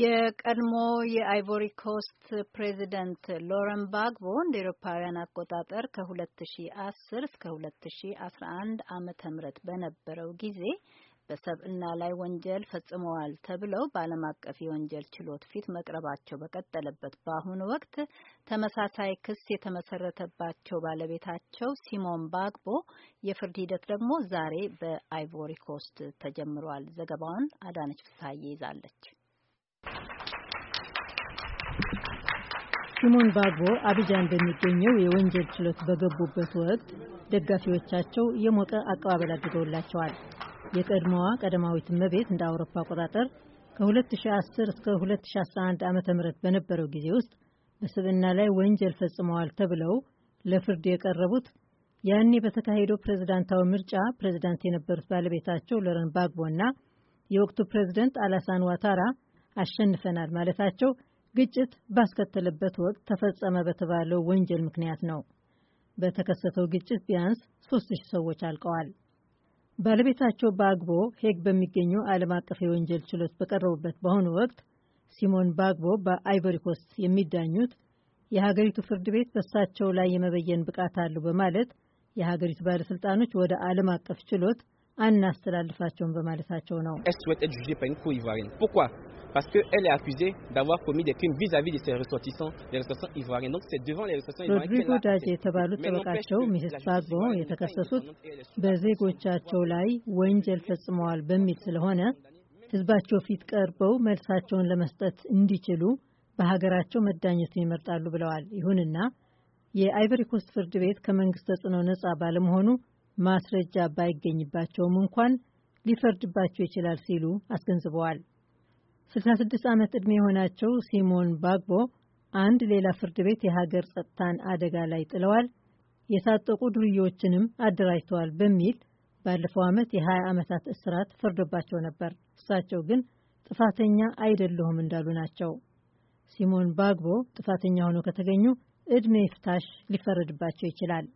የቀድሞ የአይቮሪ ኮስት ፕሬዚደንት ሎረን ባግቦ እንደ ኤሮፓውያን አቆጣጠር ከ2010 እስከ 2011 ዓመተ ምህረት በነበረው ጊዜ በሰብእና ላይ ወንጀል ፈጽመዋል ተብለው በዓለም አቀፍ የወንጀል ችሎት ፊት መቅረባቸው በቀጠለበት በአሁኑ ወቅት ተመሳሳይ ክስ የተመሰረተባቸው ባለቤታቸው ሲሞን ባግቦ የፍርድ ሂደት ደግሞ ዛሬ በአይቮሪ ኮስት ተጀምሯል። ዘገባውን አዳነች ፍሳዬ ይዛለች። ሲሞን ባግቦ አቢጃን በሚገኘው የወንጀል ችሎት በገቡበት ወቅት ደጋፊዎቻቸው የሞቀ አቀባበል አድርገውላቸዋል። የቀድሞዋ ቀደማዊት እመቤት እንደ አውሮፓ አቆጣጠር ከ2010 እስከ 2011 ዓ.ም በነበረው ጊዜ ውስጥ በስብና ላይ ወንጀል ፈጽመዋል ተብለው ለፍርድ የቀረቡት ያኔ በተካሄደው ፕሬዝዳንታዊ ምርጫ ፕሬዝዳንት የነበሩት ባለቤታቸው ሎረን ባግቦና የወቅቱ ፕሬዝደንት አላሳን ዋታራ አሸንፈናል ማለታቸው ግጭት ባስከተለበት ወቅት ተፈጸመ በተባለው ወንጀል ምክንያት ነው። በተከሰተው ግጭት ቢያንስ 3000 ሺህ ሰዎች አልቀዋል። ባለቤታቸው ባግቦ ሄግ በሚገኘው ዓለም አቀፍ የወንጀል ችሎት በቀረቡበት በአሁኑ ወቅት ሲሞን ባግቦ በአይቮሪ ኮስት የሚዳኙት የሀገሪቱ ፍርድ ቤት በሳቸው ላይ የመበየን ብቃት አለው በማለት የሀገሪቱ ባለስልጣኖች ወደ ዓለም አቀፍ ችሎት አናስተላልፋቸውም በማለታቸው ነው። parce qu'elle est accusée d'avoir commis des crimes vis-à-vis -vis de ses ressortissants, les ressortissants ivoiriens. Donc c'est devant les ressortissants ivoiriens qu'elle a ህዝባቸው ጠበቃቸው ፊት ቀርበው መልሳቸውን ለመስጠት እንዲችሉ በሀገራቸው መዳኘቱን ይመርጣሉ ብለዋል። ይሁንና የአይቨሪ ኮስት ፍርድ ቤት ከመንግስት ተጽዕኖ ነጻ ባለመሆኑ ማስረጃ ባይገኝባቸውም እንኳን ሊፈርድባቸው ይችላል ሲሉ አስገንዝበዋል። 66 ዓመት ዕድሜ የሆናቸው ሲሞን ባግቦ አንድ ሌላ ፍርድ ቤት የሀገር ጸጥታን አደጋ ላይ ጥለዋል፣ የታጠቁ ዱርዬዎችንም አደራጅተዋል በሚል ባለፈው ዓመት የ20 ዓመታት እስራት ፈርዶባቸው ነበር። እሳቸው ግን ጥፋተኛ አይደለሁም እንዳሉ ናቸው። ሲሞን ባግቦ ጥፋተኛ ሆነው ከተገኙ ዕድሜ ፍታሽ ሊፈረድባቸው ይችላል።